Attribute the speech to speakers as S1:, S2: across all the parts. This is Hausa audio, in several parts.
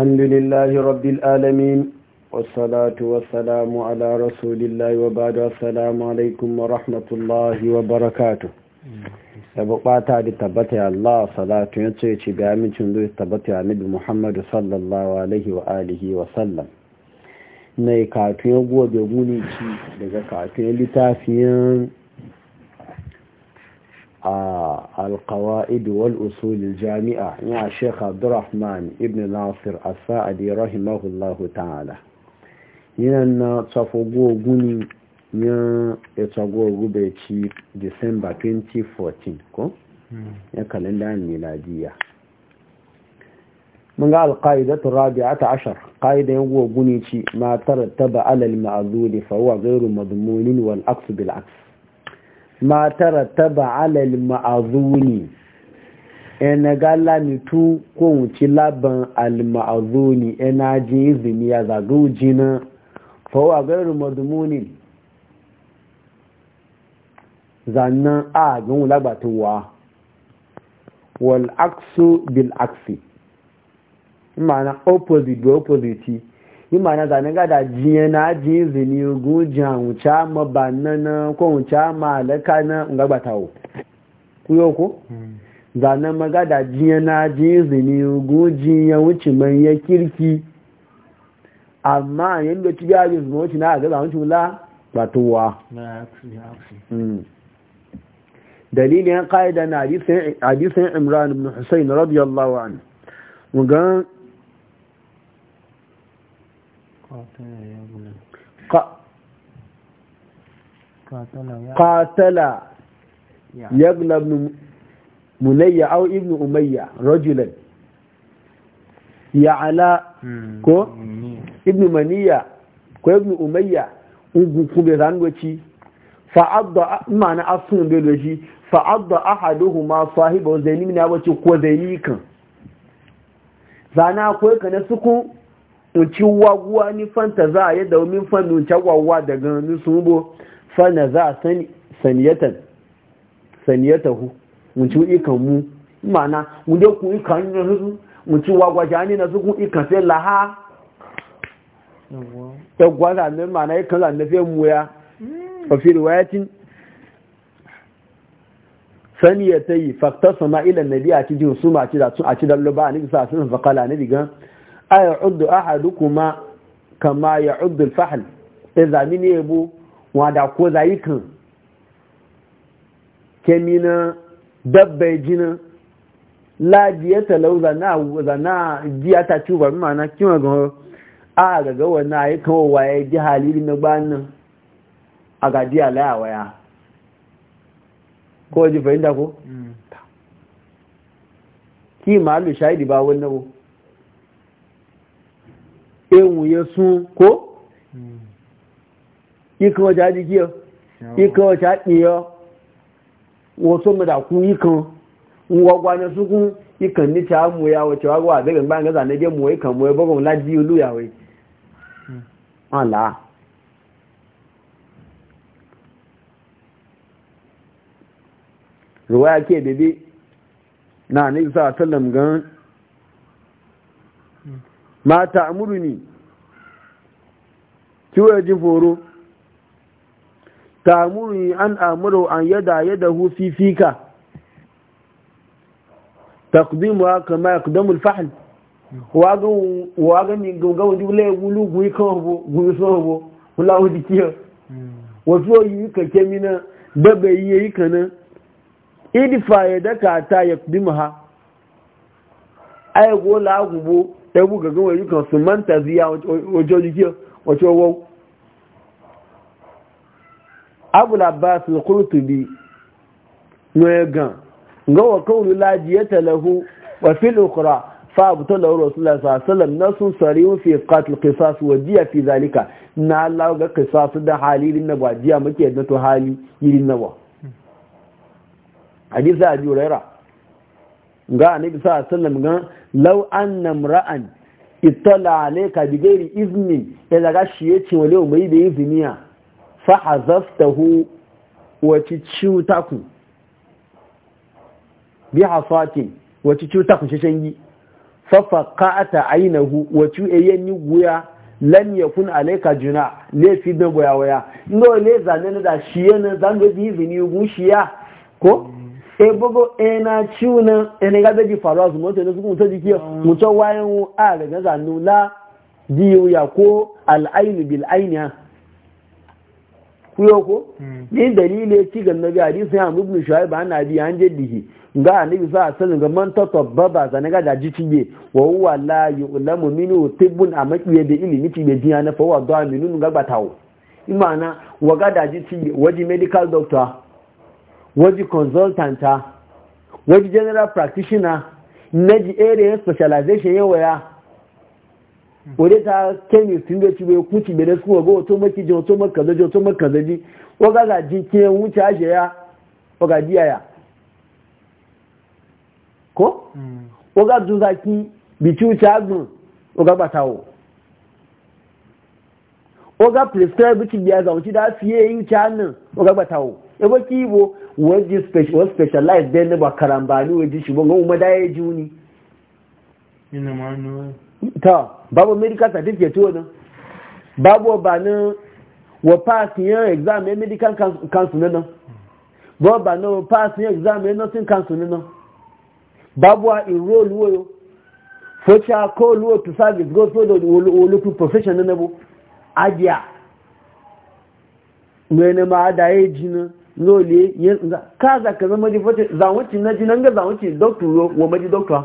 S1: الحمد لله رب العالمين والصلاة والسلام على رسول الله وبعد السلام عليكم ورحمة الله وبركاته da tabbata ya Allah salatu ya ce ci ga amincin zai tabbata ya nabi Muhammadu sallallahu alaihi wa alihi wa sallam gobe guni ci daga القواعد والأصول الجامعة يا شيخ عبد الرحمن ابن ناصر الساعدي رحمه الله تعالى ينا تصفقوا قني يا تصفقوا قبيتي ديسمبر 2014 كو يا كالندا الميلادية من قال القاعدة الرابعة عشر قاعدة هو قنيتي ما ترتب على المعذور فهو غير مضمون والعكس بالعكس ma tarattaba alal ma'azuni ena gala mitu ko wuci laban al ma'azuni ena ji izini ya zaga ujina fa wa gairu madmunin zannan a gan wulabatin wa wal aksu bil aksi ma'ana opposite da opposite yi na zane gada jiye na ji zini guji a wuce ma banna na ko wuce ma alaka na ngagbatawo kuyo ko hmm. zane ma gada jiye na ji zini guji hmm. ya wuce man ya kirki amma yin da cibiya yi na wuce na gaza wuce wula batuwa dalilin ƙa'ida na hadisin imran ibn husayn radiyallahu anhu قاتل يغلى ابن منية Ibn ابن أمية رجلا ala كو hmm, ابن منية كو ابن أمية ungunkun bai zangoci fa'adda ma'ana asusun bai fa'adda ahaduhu ma sahiba zaini na wace ko yi kan zana akwai ka na nci waguwa ni fanta za a yi min fanta nci wagwa daga nisun bo fana za a saniyatan hu nci ikan mu mana wunde ku ikan nasu su nci waguwa shi na nasu ku ikan sai laha yagwa zane mana ikan zane fiye mu ya fafi hmm. riwayatin yi fakta sama ilan nabi a cikin su ma a ci da a ci dallo ba a nufi sun fakala na digan a ya uddu ahadu kuma kama ya uddu fahal e zami ne bu wada ko zayi kan kemina dabbai jina lajiya talau zana zana jiya ta tuba mana kima ga a gawa na ayi kawo waye ji halili na gbanin a gajiya laya waya ko ji fahimta ko ki ma lu shahidi ba wannan ehun ya sun ko ikan ọjà jíjí ọ ikan ọjà pèyọ wọ́n tó mọ̀dà kú ikan ngwagwa na sukun ikan ní ta mú ya wọ́n tẹwà wà bẹ́rẹ̀ bá gaza ní jẹ́ mú ikan mú ẹbọ́gbọ̀n lájí olúyàwó ruwa ya ke bebe na nisa sallam gan mata amuruni tiwa ji foro tamuri an amuru an yada yada hu fi fika aka ma yaqdamu al-fahl wa waga ni gonga wudi le wulu gui ko gui so bo wala wudi kiyo wasu yi ka kemina daga yi yi kana idifa ya daka ta ya ay go la gubo e bu gaga wuri kan su manta ziya wajo jikiyo wajo wo abul abbas al-qurtubi ne gan ga wa qawlu la jiyata lahu wa fil ukhra fa abtala rasulullah sallallahu alaihi wasallam nasu sariu fi qatl qisas wa jiya fi zalika na Allah ga qisas da halilin na ba jiya muke da to hali yirin na ba hadisi abi huraira ga annabi sallallahu alaihi wasallam ga law anna imra'an ittala alayka bi ghairi izni ila daga shi yace wale mai da izniya fahazaftahu wace ciwutaku bi hasatin wace ciwutaku shishangi fafaqata ainihu wace eyen yi guya lam kuna alayka juna ne fi da boya waya ne zane na da shi yana zango bi zini gun shiya ko e bogo e na ciuna e ne ga da ji faru azumo to ne su mutu jiki mutu wayan a daga zanu la diyu ya ko al bil'ainiya. kuyo ko hmm. ni dalili ya ci ganna nabi hadisi ya mu ibn shuaib an nabi an jaddihi ga annabi sa sallan ga man tatabbaba zan ga da ji tiye wa huwa la yu'lamu minhu tibbun amakiye da ilimi tiye jiya na fa wa da minu ga batawo imana wa ga da ji tiye waji medical doctor waji consultanta waji general practitioner na ji area specialization yawa ya wani ta kenyi sun da cibiyar kuci bai da su wago wato maki ji wato maka zaji wato maka zaji waga ga jike wuce ashe ya waga diya ya ko waga zu zuzaki bici wuce agbun waga batawo waga prescribe bici biya ga wuce da fiye yi wuce hannun waga batawo ebe kibo wajen specialized den ba karambani wajen shi ba ga umar da ya ji wuni ta babu medical certificate wannan babu ba ni wa pass yan exam ya medical council nan babu ba ni wa pass yan exam ya nursing council nan babu a enroll wo focha call wo to service go to the wo to profession nan bo adia mene ma da yaji nan lole yin kaza ka zama di focha zawuci na ji jinan ga zawuci doctor wo maji doctor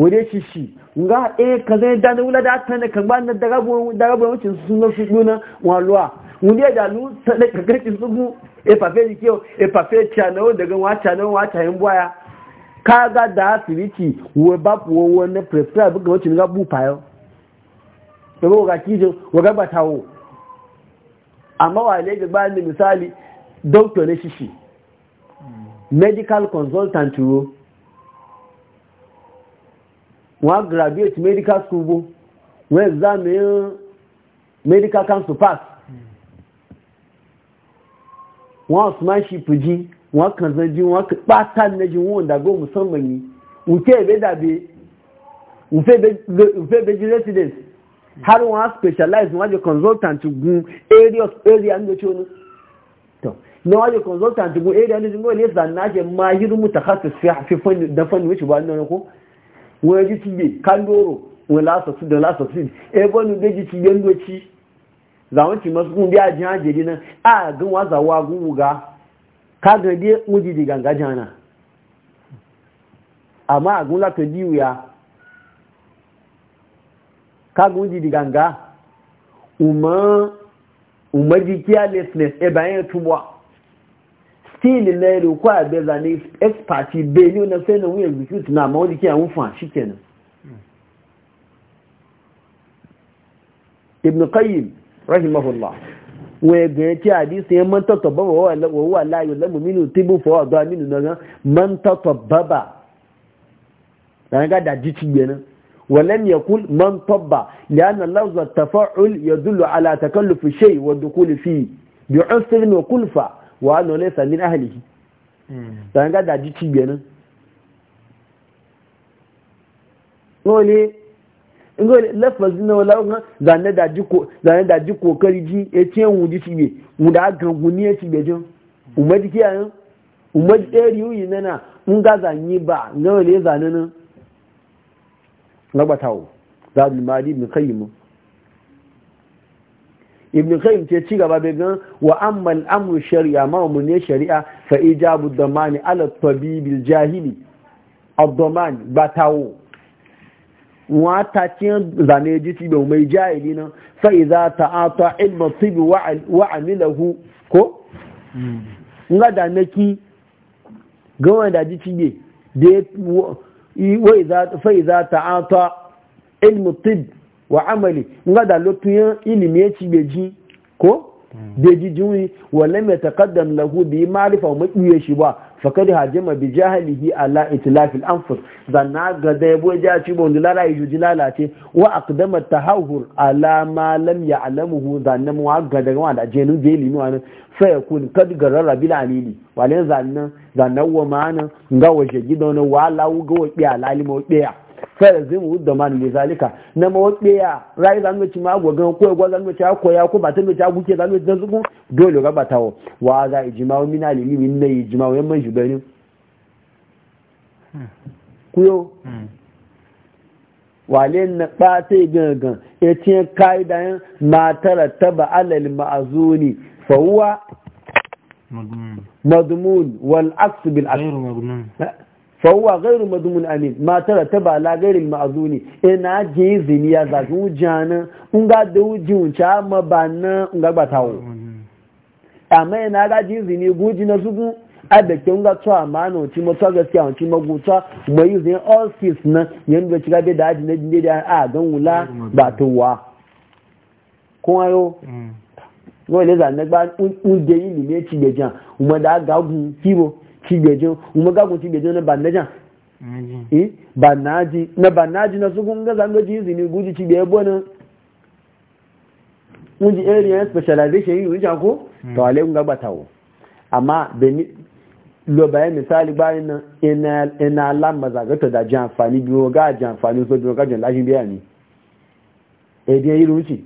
S1: wade shi shi nga e ka zai da na wula da ta ne kan ba na daga bo daga bo wucin sun ga su duna walwa wunde da lu ta da ka garki su gu e fa fe kiyo e fa fe cha na daga wa cha na wa cha yin baya ka ga da asibiti we ba wo wo ne prepare bu ga wucin ga bu payo to e bo ga kijo wo ga batawo amma wa le ba ni misali doctor ne shi shi medical consultant wo wọ́n graduate medical school bó wọ́n exam medical council pass wọ́n osmanship jí wọ́n kànzan jí wọ́n pátá nẹ́jí wọ́n dàgbò musamman ni nke ebe dàbí mfebeji residence har wọ́n specialize wọ́n jẹ́ consultant gun area ń lọ́tí onu na waje consultant gun area ń lọ́tí onu ne zanna ke mahiru mutakhasis fi fanni da fanni wuce ba nan ko wọ́n jí ti gbé kándóró wọ́n lásọ̀tún dán lásọ̀tún ẹgbọ́n ní méjì ti gbé ńlọ́chí zàwọn ti mọ́ sókún bí ajé àjèjì náà ààgán wọ́n zàwọ́ agúnwùgá kágan dé wọ́n jìdì gàǹgá jàǹnà àmọ́ àgún látọ̀ dí ìwé a kágan jìdì gàǹgá ùmọ́ ùmọ́ di kí á ẹ̀bà yẹn túbọ̀ fili na yaro ko a beza ne expert be ni na sai na wuya execute na ma wani ke an fa shikenan ibn qayyim rahimahullah wa ga ti hadisi ya man tatabbaba wa huwa la yulamu minu tibu fa wa da minu nan man tatabbaba dan ga da ji cibe nan ولم يقول من طبع لأن لفظ التفاعل يدل على تكلف الشيء والدخول فيه بعسر وكلفه wa le sa min hmm dan ga da ji tibe nan dole ngole lafazin na wala ngan zanne da ji ko zanne da ji kari ji e ce wu ji tibe mu da gangu ni e tibe jin umma ji U ma ji u e yi nana mun ga yi ba ngole zanne nan labatawo zadul mali ibn hmm ibn qayyim ce ci gaba da gan wa amma al'amru shari'a ma mun ne shari'a fa ijabu damani ala tabibil jahili ad-daman batawo wa ta cin zane ji ci mai jahili na fa idza ta'ata ilma tib wa amilahu ko hmm. nga da naki ga da ji ci de wa idza fa idza ta'ata ilmu tib wa amali nga da lotuyan ilimi ya ci beji ko hmm. beji juyi wa lam yataqaddam lahu bi ma'rifa wa shi ba fakad hajama bi jahlihi ala itlaf al anfus dan na ga da yabo ja ci bon yi juji lalace wa aqdama tahawur ala ma lam ya'lamuhu dan na wa ga da ma da jenu be ilimi wa fa yakun kad garara bil alili wa lan zanna zanna wa ma'ana nga waje gidona wa lawu ga wa bi lalima wa biya fere zai mu da mani zalika na ma wace ya rai zan mace ma gogan ko ya zan mace ko ya ko ba ta mace guke zan mace zugu dole ga batawo wa za ijma'u min alimi min ne ijma'u yan man shugani kuyo wale na ɓata gangan ya ce ka'idayen matar taba alal ma'azuni fawuwa madmun wal aksu bil fawwa gairu madumun amin matar ta ba la gairin ma'azuni ina je zini ya zafi wujana in ga da wuji wuce amma ba na in ga ba tawo amma ina ga je zini guji na zugu a da ke nga tso ma na wuce mutuwa gaskiya wuce magutuwa ma yi zai ofis na yadda ci gabe da aji na jini da a gan wula ba towa kuma yau wani zanen gba in da yi limeci da jan umar da agagun kibo cibiyajin kuma gagun cibiyajin na bandajan banaji eh, na banaji na su kun gaza ga jizi ne guji cibiyar bonin unji area specialization yi wuce ko hmm. to ale kun gaba tawo amma lo bayan misali bayan nan ina lamba zagata da ji amfani biyo ga ji amfani so biyo ga jin lashin biya ni? ne eh, ɗaya yi ruci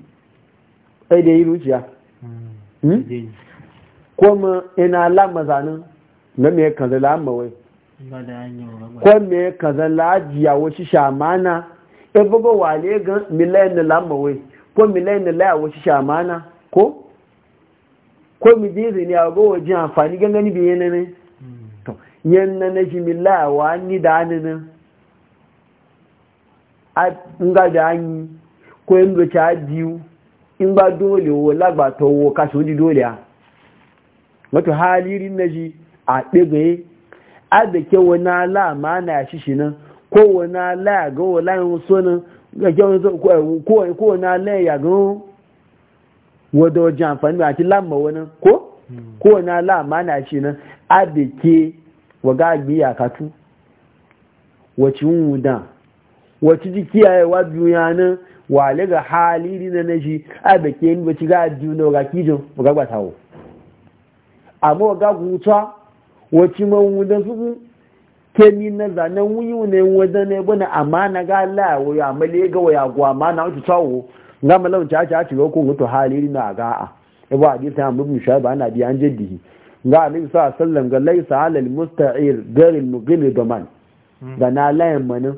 S1: ɗaya eh, yi ruciya hmm. hmm? kuma ina lamba zanen na me kaza la mawai ko me kaza la jiya wasu shamana e bugo wale ga milayen la mawai ko milayen la wasu shi shamana ko ko mi dizi ne a go wajen amfani gangani biye ne ne hmm. to yan na na shi milayen wa ni da ni ne a nga da anyi ko yin do cha diu in ba dole wo lagba to wo kaso di dole a wato halirin shi a ɗigaye a da ke wani ala ma na shi shi nan ko wani ala ga wani layin so nan ga ke wani eh, eh, ko wani ala ya ga wadda wajen amfani ba ci lamma wani ko hmm. ko wani ala ma na shi nan a da ke waga ya katu wacin wudan wacin ji kiyayewa duniya nan wale ga haliri na na shi a da ke yin wacin ga duniya ga kijin ga gbatawo amma waga gutuwa wacce mawu da su kemi na zanen wuyi ne wadda ne bane na ga Allah ya wuya amale ga waya ma e na wuce tawo na malau ta ta ta ko to halili na ga ga'a ibu hadisi an bubu shaiba ana biya an jaddi ga annabi sallallahu alaihi wasallam ga laisa alal musta'ir gar al mughil daman da hmm. na layan manin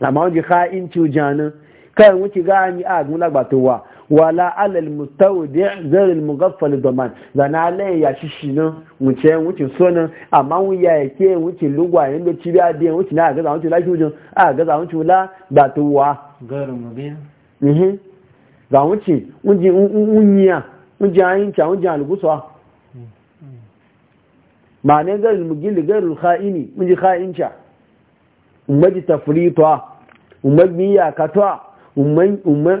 S1: amma wani kha'in ciwjanin kai wuce ga ni a gula gbatowa wala alal mustawdi zar al mughaffal daman zana lai ya shi shi nan wuce wuce sona amma wu ya yake wuce lugwa yan da biya a biyan wuce na ga za wuce laki wuce a ga za wuce la da tuwa gar mubin mhm za wuce wuce unya wuce ayin cha wuce alguswa ma ne gar mugil gar al kha'ini wuce kha'incha umma ji tafrita umma biya katwa umma umma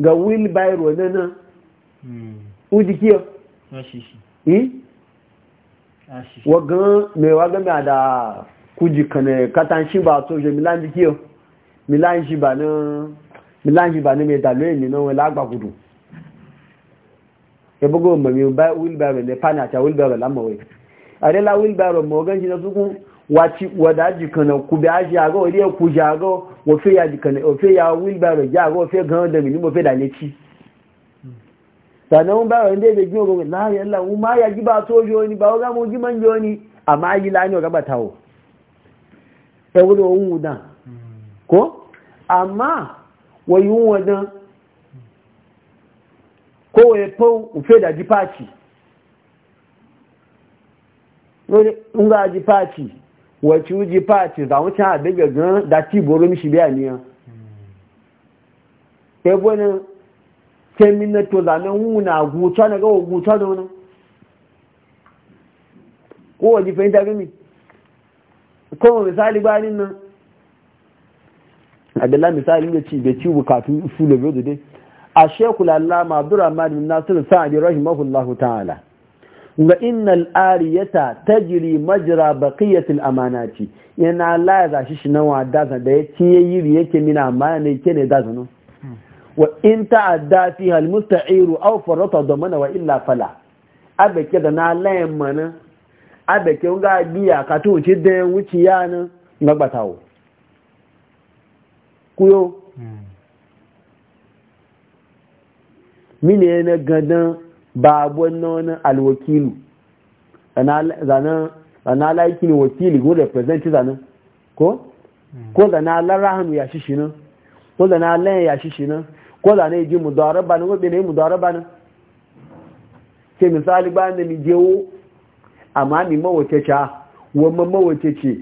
S1: ga wheelbarrow na nan hmm. uji kiyo wagan mai wagan na da kuji kane katan shi ba so je milan jikiyo milan shi ba na mai dalilin ne na wani l'agba gudu ya e bugu ma mami wheelbarrow ne pana ta wheelbarrow lamawai a dela wheelbarrow ma wagan shi na wa wadaji kana ku bi aji ago wani ku shi ago òfé ya dìkànnì òfé ya wheelbarrow jẹ́ àgọ́ òfé gan dẹ̀mì ní mo fẹ́ dà létí sannan báyọ̀ ní èdè jíò gbogbo láàrin ẹ̀lá wọn máa yà tó yóò ní bá ọgá mú jí ní àmá yí láàrin ọ̀gá bàtà ò ẹwọ́n ohun ọ̀dán kó àmá wọ̀nyí wacce uji fati za wuce a daga gan da ti boro mishi biya niya ya gwani kemina to zanen wuna guta na gawa guta da wani kowa ji fahimta gami kowa misali bayanin nan adala misali da ci da ci bukatu su da biyu da dai a shekula allama abdurrahman bin nasiru sa'adi rahimahullahu ta'ala ga innal ariyata tajri majra baqiyatil amanati yana la zashi shi na wada za da yace yayi yake mina amana ne yake ne da zanu wa in ta adda fiha al musta'iru aw farata damana wa illa fala abake da na layin mana un ga biya ka to ci da ya nan ngagbatawo kuyo hmm. mine ne gadan babu wannan alwakilu zana laiki ne wakili ko representi zanen ko ko zana larahanu ya shishi nan ko zana lan ya shishi nan ko zana yi ji ba nan wabe na yi ba nan ke misali ba na mijewo amma ni mawace ca wamma mawace ce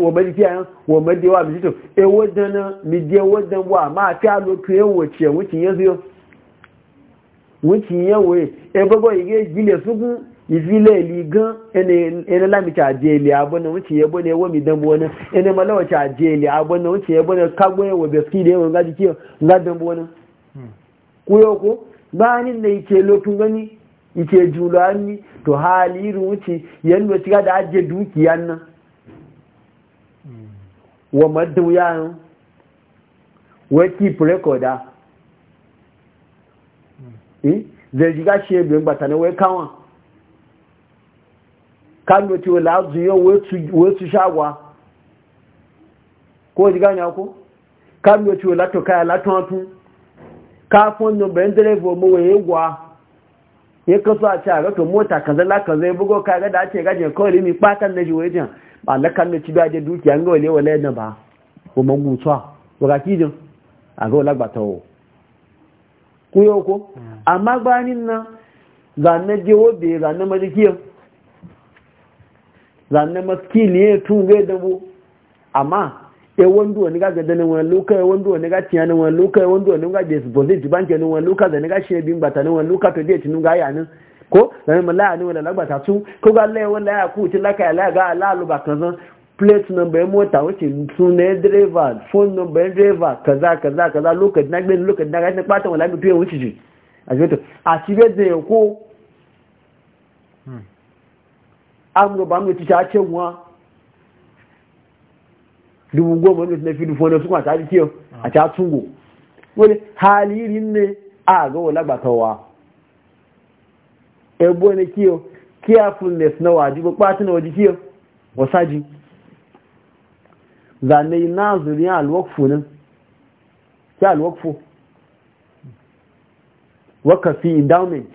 S1: wa malikiya wa madewa mijito e wajen mijewo wajen wa ma fi alo tuyen wace wucin yanzu yau wuce yawe e bago ige gile sugu ifile li gan ene ene lami cha jeli abona wuce yebo ne wo mi dambo wona ene malawa cha jeli abona wuce yebo ne kagwe wo beski de wo ngaji kiyo nga dambo wona kuyoko bani ne julani to hali irin da ajiye dukiya nan wa maddu yayin wa Eh, zai gashi ya biyan gbata ne wai kawan kan yau tiwo azu yau wesu shagwa ko ji ne ko kan yau tiwo lato kaya laton atun kafin nan bayan direba mawa ya gwa ya kaso a ce a rato mota kaza la kaza ya bugo kaga da ake gajin kawai limi fatan da shi wajen ba na kan da ci dukiya ga wale wale na ba ko mangutuwa wakakijin a ga wala gbatawo kuyo ko hmm. amma gbanin nan zanen jewo zane zanen zane maski ne ya tunge da bu amma ya e wando wani ga gada na wani luka ya e wando wani ga tiya na wani luka ya e wando wani ga da supposed to banke na wani luka zane ga shi bin bata na wani luka to dai tinu ga yana ko zane mala ne wani lagbata su ko ga laye wani laya ku ti laka ya laya ga alalu ba zan plate number ya mota wace sunan driver phone number ya driver kaza kaza kaza lokaci na gbin lokaci na gashin fatan wala mutu ya wuce ce a cikin a cikin da ya ko hmm. amuru ba amuru tisha ce nwa dubu goma ne na fi dufu wani sukwa ta ji kiyo a ta tungo wani halirin ne a ga wala gbatawa ebo ne kiyo carefulness na wajibu kwatin wajibu kiyo ji. zane yi nazirin alwakfu nan ki alwakfu waka fi endowment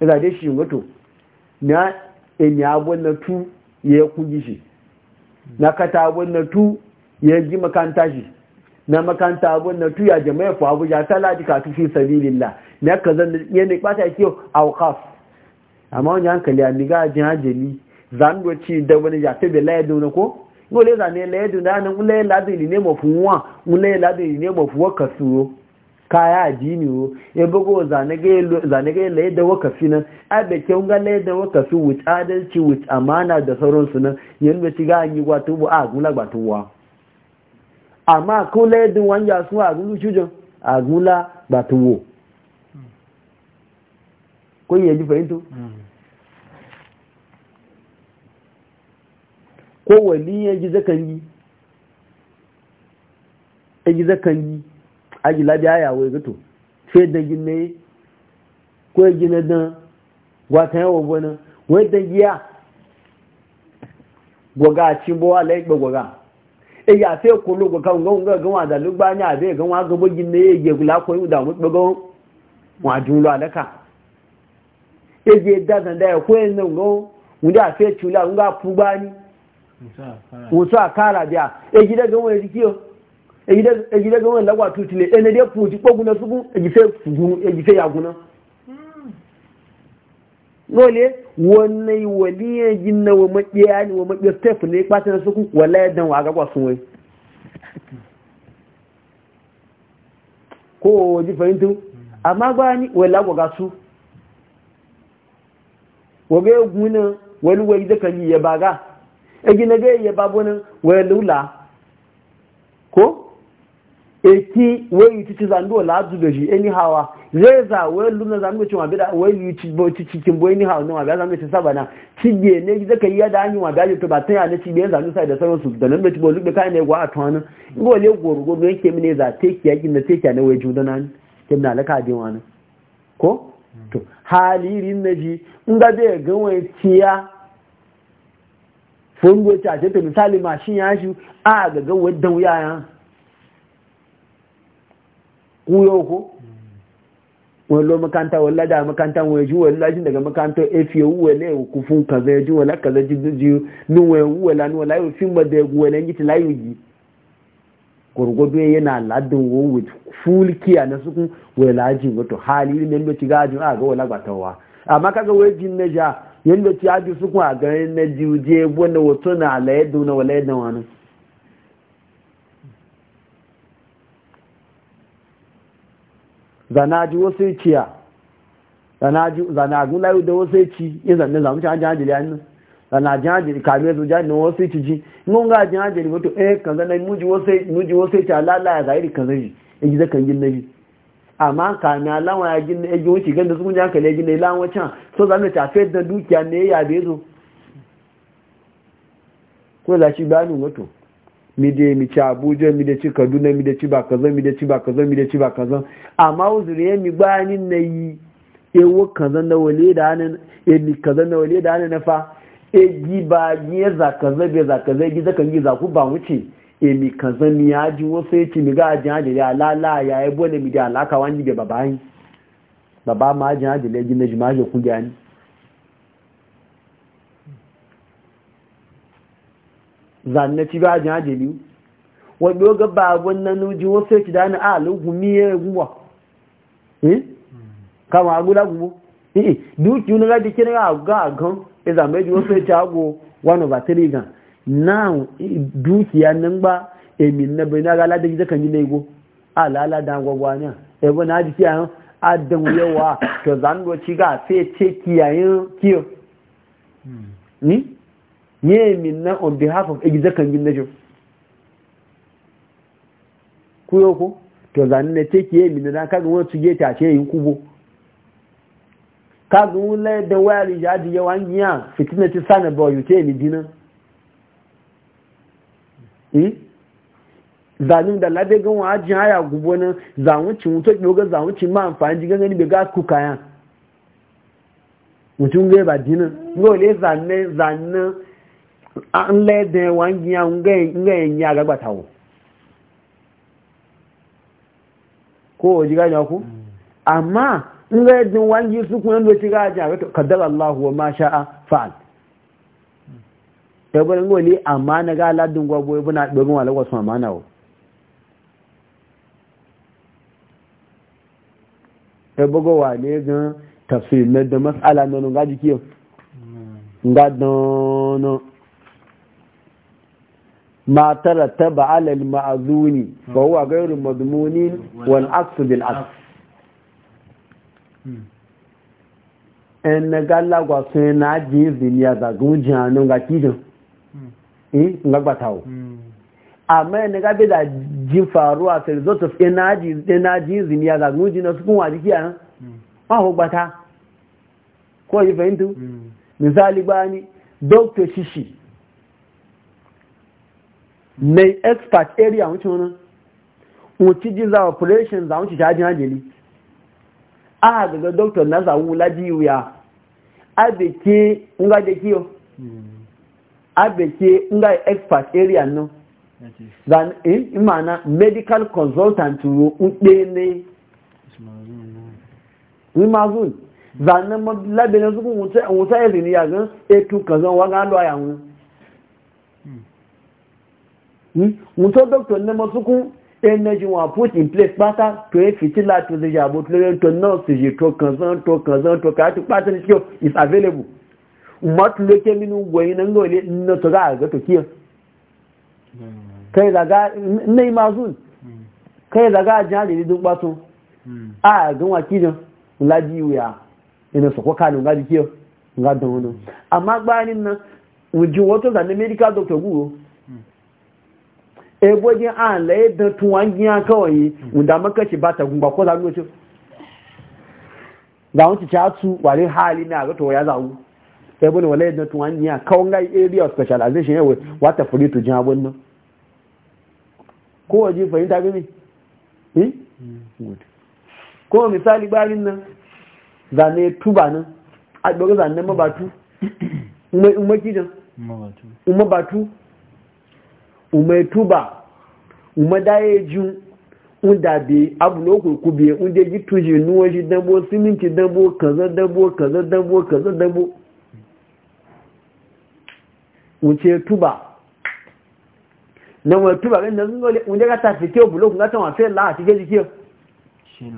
S1: ina dai shi wato na eni abun na tu ya kungi shi na kata abun na tu ya gi makanta shi na makanta abun na tu ya jama'a fa abu ya tala katu ka sabi lilla na kazan yana kwata yau a amma wani hankali a niga ajin hajjali zan da wani ya tabe laye dauna ko ngole za ne le na ngule la de ni nemo fuwa ngule la ni nemo fuwa kasuro kaya ajini o ebogo za ne ge za ne da waka fina abe da waka fi with adalci with be anyi gwa a gula gba amma ko le du wanja su a gulu chujo a gula ko wali ya gizo kan yi ya gizo kan yi a gila biya ya wai gato sai da gine ko ya gina dan gwata yawa gwanin wai da giya gwaga a cin bawa laifin gwaga e ya sai kullu gwaga gwaga gwaga da lugba ni a zai gwaga gaba gine ya yi gula ko yi da mutu gwaga wajen lo alaka e je dazan da ya koyin nan gwaga wunde a sai cula wunga fuba ni mutu a kara biya e gida gan wani rikiyo e gida e gan wani lagwa tutule ɗaya e na dai fuji koguna sugun e gife fugun e gife yaguna nole wannan waliyan jinna wa maƙiya step ne ɓata na suku wala wa sun ko fahimtu ba ni wala gwaga su ya guna wani da yi egi na gaya babu nan wai lula ko eki wayi titi zando lazu zu gaji eni hawa zai za wai luna zando cewa bida wayi titi bo titi kin bo eni hawa nan wabi zando titi sabana tibe ne zaka yi da hanyar wabi ajo to ba tan yana ne tibe zando sai da sauransu da nan bauti lugbe kai ne gwa atwana ngo le gorugo ne ke mine za teki yakin na teki ne na judana ke na alaka din wani ko to halirin naji in ga bai ga wani ciya. fungo ta ce ta misali mashin ya shi a ga ga da wuya ya kuyo ko wani makanta wala da makanta wai ji wani lashin daga makanta efi ya ne ku fun kaza zai ji wala ka zai ji nuwa wai wuwa la nuwa la yi fin da ya wuwa yi ta layu yi yana ladin wo with full care na sukun wala ji wato hali ne da ci gajin a ga wala ba tawa amma kaga wai jin na ja yadda ci haji su kuma a garin na jiwuje wanda wato na alayadu na da wani zanaji wasu ciya zanagun layu da wasu ci yin zanen zanen ci hajji hajji liyanin zanaji hajji kame su jani na wasu ci ji nun ga hajji hajji wato eh kan zanen muji wasu ci alala ya zairi kan zai yi zai kan gina yi amma na lawa ya gina ya gina shigan da sun ji ya gina ya lawan can so zama tafe da dukiya ne ya yabe zo ko za shi bayanin wato mi da mi ci abuja mi ci kaduna mi ci ba kaza mi ci ba kaza mi ci ba kaza amma uzuri ya mi bayanin na yi ewo kaza na wale da hannun ya mi na wale da hannun na fa e gi ba gi ya za kaza bai za kaza gi zakan gi za ku ba wuce Emi kan san ni ji wo sai ti mi ga jan ajele alala ya ebo ne mi da alaka wanji ge baba yin baba ma jan ajele ji meji ma je kun ja ni zanne ti ba jan ajele wọ́n bí ó gẹ́bà àwọn nánú jí wọ́n fẹ́ ti dáná àlógún ah, ní ẹgbùn wà káwọn agúlágúgbó na ní rádi kí ní àgá àgán ìzàmẹ́jì wọ́n sai ti 1 over 3 gan na dukiya nan ba emin na bai na gala da gida kan yi lego alala da gwagwa ne ebe na ji kiyayen adan yawa to zanuwa ci ga sai ce kiyayen kiyo ni ne emin na on behalf of gida kan yi najo kuyo ko to zanu na ce kiyayen emin na kaga wani su geta ce yin kubo kaga wani da wayar yaji yawan yiyan fitinati sanarwa yute emin dinan Hmm? zanin da labe gan wa haya gubo nan zawuncin wuto ki ga zawuncin ma amfani ji gangani bai ga ku ya mutum ga ba dinin no le zanne zanne an le de wangi ya ngai ngai ya ga batawo ko ji ga ku hmm. amma ngai din wangi su kun lokaci ga ja kaddara Allahu wa Masha'a fa'al ya bari ngoli amma na ga ladin gwabo ya buna dogon wala su amana wo ya bugo wa ne gan tafsir na da mas'ala ne ga jiki nga hmm. dono ma tarattaba ala al-ma'zuni fa huwa ghayru madmunin hmm. wal aqs bil aqs hmm. en na galla gwa sun na ji zuriya da gujanu ga kidan Hmm? lagbatawo amma yana gabe da ji faruwa as a result of energy ziniya ga guji na sukun wa jiki a maho gbata ko yi fahimtu misali gbani, doctor shishi mai expert area wuce wani wuce jiza operations a wuce cajin hajjali a gaga doctor na zawo lajiyu ya a da ke nga da kiyo abeke nga expert area no than in mana medical consultant wo nkpe ne imazun than na labe na zuku wuta ezi ni tu etu zo wa ga lo ayawu hmm. hmm? to doctor ne mo suku energy wa put in place pata to e la to the jabo to le to nurse je to zo to zo to ka tu pata ni is available matule ke minu gwai nan gole na to ga ga to kiyo kai na nai mazun kai daga jari dun bato a ga waki dan laji wuya ina so ko kanu ga kiyo ga dan wani amma gbanin nan wuji wato da medical doctor guro ebo je an le dan tun wan kawai unda maka ci bata gumba ko da no ci da won ci ta tu wale hali na ga to ya zawo ebon wala yadda tun wani ya kawo ngai area of specialization yawon eh, wata furi tu jin abun nan ko waje fahimta gani ko misali barin nan zane tuba nan a ɗori zane mabatu umar kijan umar batu umar tuba umar daye jin undabe abulokun kube undeji tuji nuwa shi dambo siminti dambo kaza dambo kaza dambo kaza dambo wuce tuba na wani tuba ganin da zungole ka tafi kyau bulo kun gata wafe la a cike jike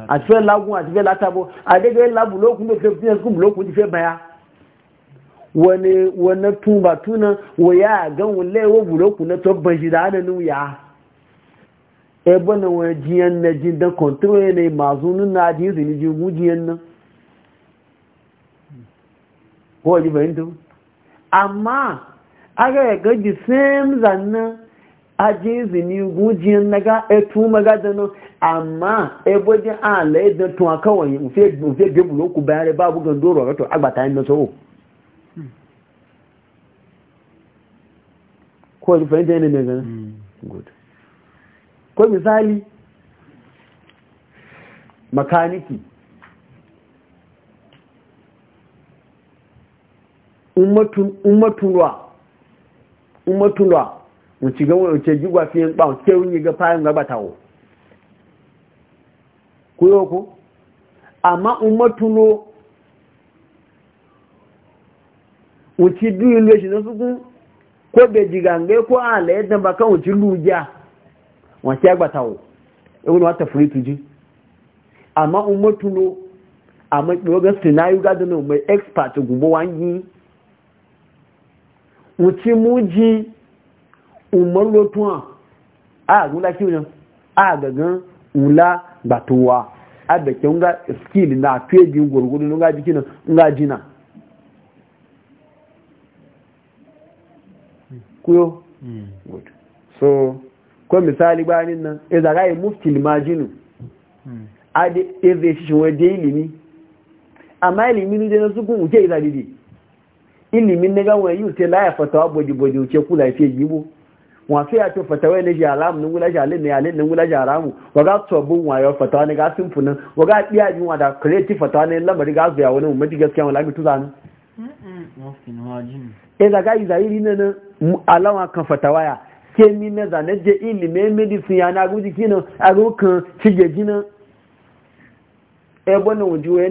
S1: a lagun a latabo a daga yin labulo kun da fiye kun bulo kun baya wani wani tuba tunan waya gan wule bulo kun na shi da hannun ya ebe na wani jiyan na jin don ne masu nuna jin su ne jin nan ko ji fahimta amma aga ga the same zanna aje izini gujin naga etu magadano amma ebo di ala edo tun akawai nfe gbe buloku bayare babu gandoro rato agbata yin naso ko ji fahimta na ne gana hmm. good ko misali makaniki umatun umatulwa wuce ga wuce jigwa fi yin ɓawon ke wunye ga fayin gabatawo ku yau ku amma umatulo wuce duyin leshi na sukun ko bai jigangai ko a halayen da bakan wuce lujiya wace agbatawo ewu na wata furi tuji amma umatulo a maƙiyogar sinayu gadanu mai expert gubo wangi. wuce muji umar lotuwa a gula kiwon a gagan ula batuwa a da nga skill na feji gurgudu nga jiki na nga jina kuyo hmm. good so ko misali bayanin nan e zaga yi e mufti limajinu hmm. a da eze shi shi wani ilimi amma ilimi ne na sukun wuce ilimin na gan wani yute laya fatawa boji-boji wuce kula fiye gibo wọn fi àti fatawa ilé ṣe alamu ní wúlá ṣe alẹ́ ne alẹ́ ní wúlá ṣe aramu wọ́n gá tọ̀bù fatawa ne gá sínfù náà wa gá biya àjù wọn àdá fatawa ne lamari gá zọ ìyàwó náà mọ̀ mẹ́tì gẹ́sìkẹ́ wọn lágbè tó sánú. ẹ̀dà gá ìzàyírí nínú aláwọn kan fatawa yà kémi náà zànẹ́ jẹ́ ìlìmẹ́ mẹ́dísìn yà ní agúnjì kí ne agúnkan ṣìjẹ́jì náà ẹ̀bọ́n náà wọ́n ju ẹ̀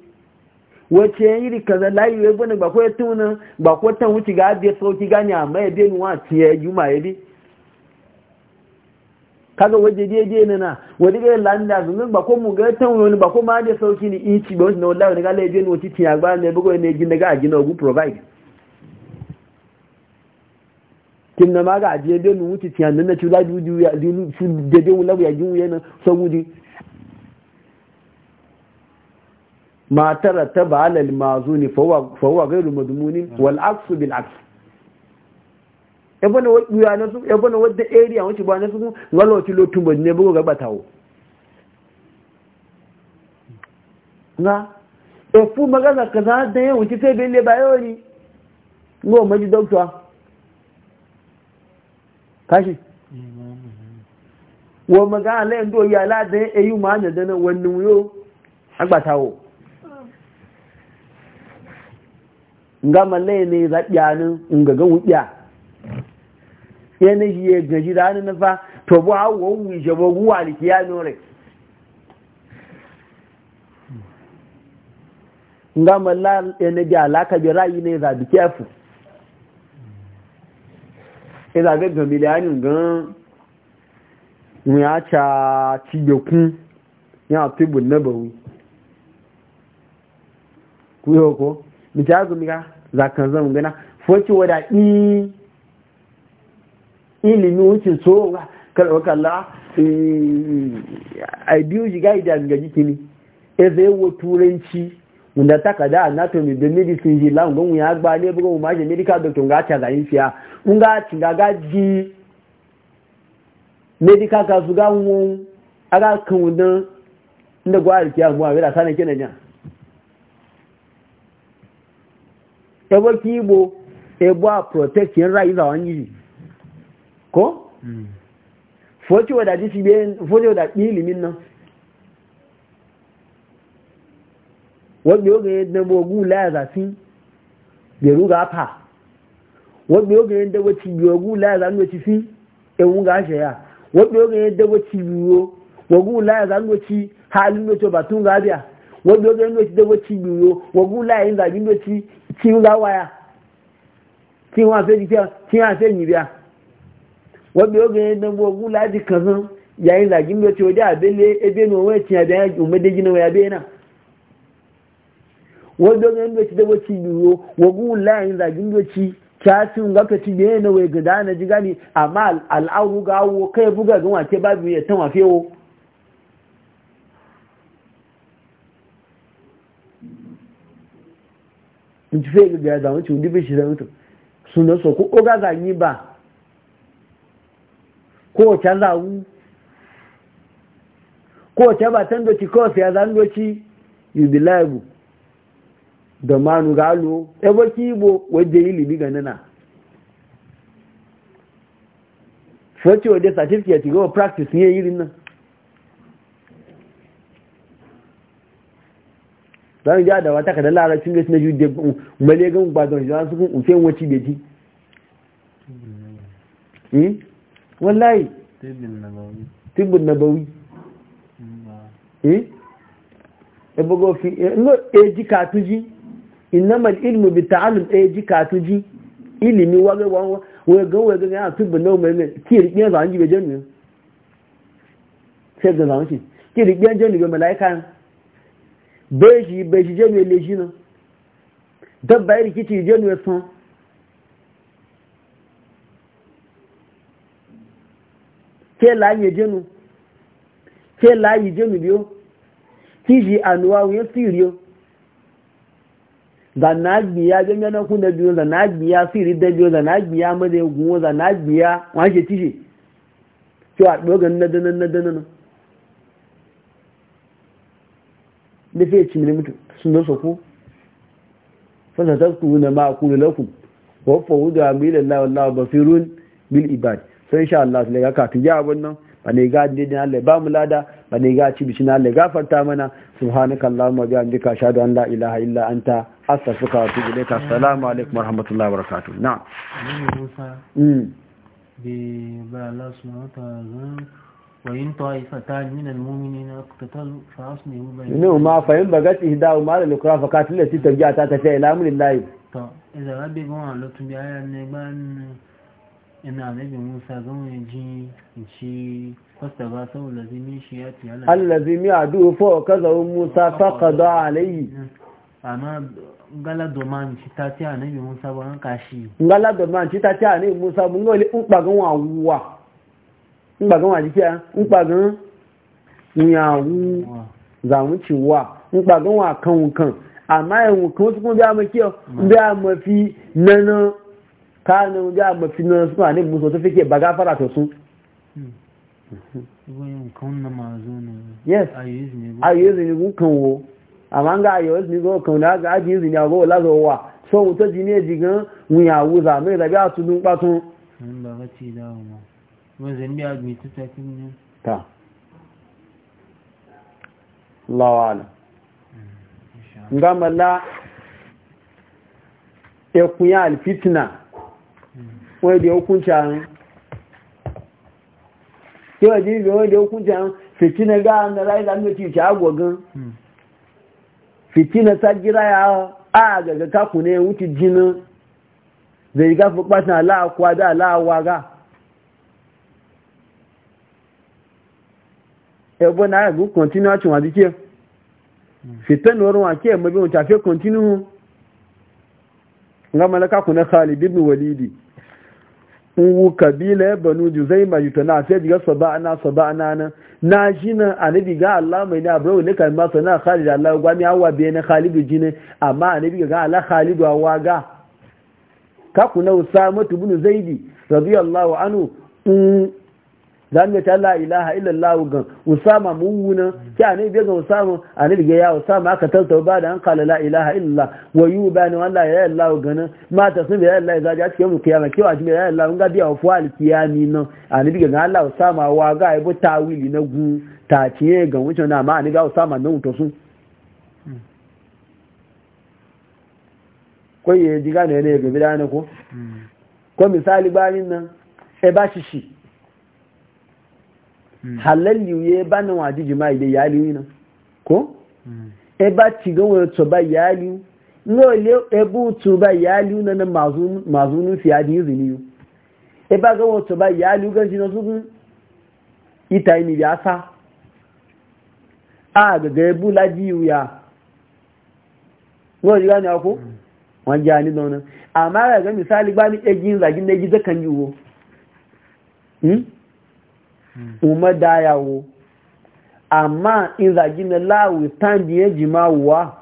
S1: wace iri kaza layi wai bane ba kwa nan ba kwa tan wuce ga sauki gani a ya dai wa ti ya ma ya bi kaga waje dai dai nana wani ga landa zungun ba ko mu ga wani ba ko ma da sauki ni ci ba wannan na wani ga layi dai wuce ya ba ne bugo ne gina ga gina ogun provide kin na ma ga ajiye dai wuce ti nan na ci la du ya du ya ما ترتب على al فهو فهو غير مضمون والعكس بالعكس aksu ebona wuya na su ebona wadda area wacce ba na su ngalo ti lo tumbo ne bugo gaba tawo na nga efu magaza kaza da yau ti sai bele ba yau ni ngo maji doctor kashi wo maga ala ndo ya la da ayu ma na da na wannan agba tawo nga malle ne za ɓyanin nga ga wuɓya yana shi ya gaji da hannun fa to bu hawa wuwi jabo guwa likiya nore nga malla yana alaka bi rayi ne za bi kefu ina e ga ga miliyanin gan ya ca cigekun ya fi bu wi. ku mi ta azumi ga zakan zan gana foci wada i ilimi wucin so ga kalwa a biyu shiga idan gaji kini e eze wo turanci wanda takada anatomy da medicine ji la ngon ya gba ne bugo ma medical doctor ga ta zayin fiya nga tinga ji medical ka su ga mu aga kan wudan inda gwa alkiya mu a vera sanan kenan ebo kibo ebo a protect yin rayu za wani ko? foci wadda ji cibiyan foci wadda ƙi ilimin nan wadda yau ga yadda bogu fa wadda yau ga yadda wacce biyogu laya ewu ga shaya wadda yau ga biyo wagu laya zafi wacce halin wacce batun gabiya wadda yau ga biyo wagu laya yin zafi wacce tí ń láwáyà tí wọ́n fẹ́ jíjẹ́ tí wọ́n fẹ́ a wọ́n bí ogun ogun láti kàn sán yayin zagin bí ó ti àbẹ́lé ẹgbẹ́ ní owó ẹ̀tì àbẹ́yà òmẹ́dẹ́jì náà yàbẹ́ náà wọ́n bí ogun ẹgbẹ̀ ti dẹ́gbẹ̀ ti ogun láyìn zagin bí ó ti kyasin gaka ti bẹ́ẹ̀ náà wẹ̀ gẹ̀dá na amma al'awu ga awo kai buga gan wace babu ya nti fẹ́ gbẹ̀gbẹ̀ àdá wọn ti wọ́n dìbẹ̀ ṣiṣẹ́ mọ́tò sùnà sọ kó ọgáza za bá kó ọ̀chá láwú kó ọ̀chá bá tẹ́ndọ̀chí kọ́ọ̀sì àdándọ̀chí yìí láìbù da manu ga lo ẹgbẹ́ e kí ibo wọ́n jẹ́ ilimi ga nana fọ́tí ọdẹ certificate gọ́ọ̀ practice ní èyí rí za mu ja da wata kada larabcin gasu na da male gan gbazon shi za su kun ufe wacce da ji hmm? wallahi tibbin na nabawi e bugo fi ngo eji katuji innamal ilmu bi ta'allum eji tuji ilimi wage wawo we go we go ya tibbin no mele ki rike za anji be jenu sai da zamanci ki rike jenu be malaika beji beji jenu eleji na dabba iri kici jenu esan ke laye jenu ke laye jenu biyo kiji anuwa wuyen siriyo zanagbiya gangan na gbiya kuna biyo gbiya siri da biyo zanagbiya mada ya gunwo zanagbiya wanshe tishi cewa dogon na danan na danan da fiye ci milimitun sun dosa ku fasa ta ku na ma ku lakum wa fa wuda amilan la wallahu basirun bil ibad sai sha Allah sai ga ka ya abun nan ba ne ga dindin Allah ba mu lada ba ne ga ci bishin Allah ga farta mana subhanaka allahumma bihamdika ashhadu an la ilaha illa anta astaghfiruka wa atubu ilayka assalamu alaikum wa rahmatullahi wa barakatuh na'am bi mm. ba Allah subhanahu wa ta'ala inú ma fahim bagat ihda umar al-ukra fa qatilat ti tarji'a ta tafi ila amrin lahi to idan rabbi gon lo tun bi aya ne ban ina nabi musa gon ji ji fasta ba sau lazimi shi ya ti ala allazimi adu fa kaza musa faqada alayhi amma galado man ci ta ti anabi musa ńgbàgán wà jíkẹ́ ńpàgán ìyàwó zàwọn wà ńpàgán wà kanwùkan àmá ẹ̀wùn kan ó túnkún bí a mọ̀ kí ọ bí a mọ̀ fi nana káàna bí a mọ̀ fi nana sún àní ìbùsọ̀ tó fẹ́ kí ẹ̀bàgá fara tó sún ayé ìzìnigún kan wo àmá ń gá ayé ìzìnigún kan ní ájí ìzìnigún àgọ́ lázọ̀ wà sọ́hun tó ti ní èjì gan ìyàwó zàmẹ́ ìdàbí àtúndún pátún ta lawala ngamala ekunya alfitna hmm. wọ́n di okunca rẹ̀ tí wọ́n di ìgbẹ̀ wọ́n di okunca rẹ̀ fitina gáà na láìlá méjì ìṣà agwọ̀gán fitina sájírá ya ágàgà kakùnrin wuti jinin zai gafi pàtàkì aláàkwádá aláàwárá ẹgbọ́n náà ẹ̀gún kọ̀ntínú àti wọn àdíkẹ́ fìtẹ́nù ọrùn àti ẹ̀mọ́ bí wọn tàfẹ́ kọ̀ntínú nga malaka kuna khalid ibn walidi uwu kabila ya banu juzai ma yuta na sai diga saba ana saba ana na na anabi ga Allah mai na bro ne kan ma sana khalid Allah gwa mi hawa be na khalid jine amma anabi ga Allah khalid wa ga ka kuna usama ibn zaidi radiyallahu anhu zan ne ta la ilaha illallah ga usama munna ki anai bi ga usama anai ga ya usama aka tantau ba da an kala la ilaha illallah wa yubani wallahi ya allah gan ma ta sun ya allah za ja cikin kiyama ki wa ya allah ga biya fu al kiyami nan anai ga allah usama wa ga ibo tawili na gu ta ciye ga wucin na ma anai ga usama nan to sun ko ye diga ne ne ga ne ko hmm. ko misali bayin nan e ba shi shi Hmm. halalli ya ba na waje jima'i da yali yi nan ko? Hmm. e ba ci gan wani tuba yali lole ebu tuba yali na na mazu nufi ya di izini yi e ba gan wani tuba yali gan shi na sukun ita yi ni ya sa a gaga ebu laji yi ya wọ́n yíra ni ọkọ́ wọ́n jẹ́ àní lọ́nà àmára ẹ̀gẹ́ misali gbá ní egin zagin na egin zẹ́kàn yíwo umar da yawo amma in gina na lawi tan biye jimawuwa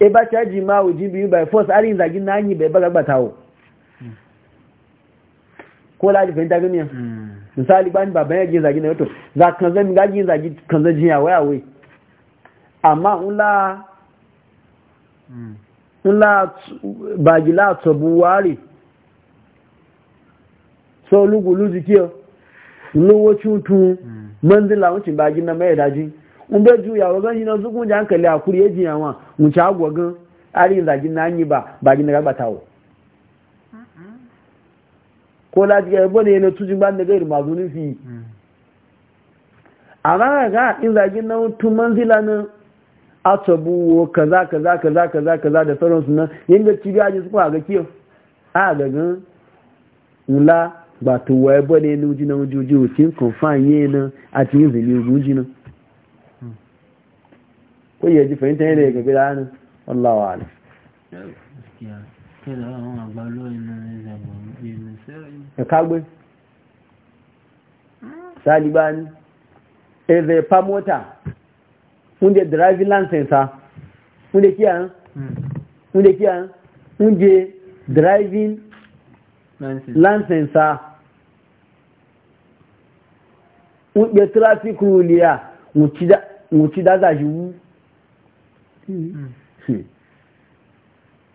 S1: e ba ta jimawu jibiyu by force ari in zagi na yi bai gbata gbatawo ko ladi fahimta ganiya hmm. misali ba ni baban yaji zagi gina yato za kan zai miga yi zagi kan zai jiya waya wai amma nla hmm. nla bagila tabuwari so lugulu zikiyo lówó cutu, hmm. manzila wọn ti bá gina mai daji n bẹ ju yàwó gan yìí náà zukun ji ń a àkúrí èjì àwọn n ṣe àgọ gan àrí ìzàgì náà ba, bá bá gina gbàgbàta o. Hmm. ko láti kẹ bọ́ ní ẹni tuntun bá nẹgẹ́ ìrùmọ̀ na tun hmm. manzila kaza kaza kaza kaza kaza da sauransu nan yadda cibiya ji suka ga kiyo a ga gan wula ba to waye bane ne uji na uji uji utin confine ye na a ti yin zini uji na ko ya ji fahimta yana ga gida nan wallahi wa ala ya kagbe salibani eze pa mota funde driving license ha funde kiya funde hmm. kiya funde driving license ya traffic rule ya wuci da shi wú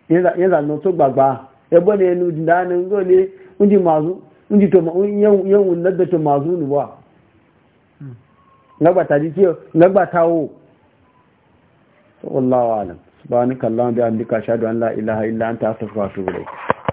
S1: yẹn zànà tó gbàgbà ẹgbọ́n ni ẹnu jìdá ni ń gọ́ ní oúnjẹ màázú oúnjẹ tó yẹun lẹ́gbẹ̀ tó màázú nù wà lágbàtà jí tí ó lágbàtà ó wallahu an ilaha illa anta astaghfiruka wa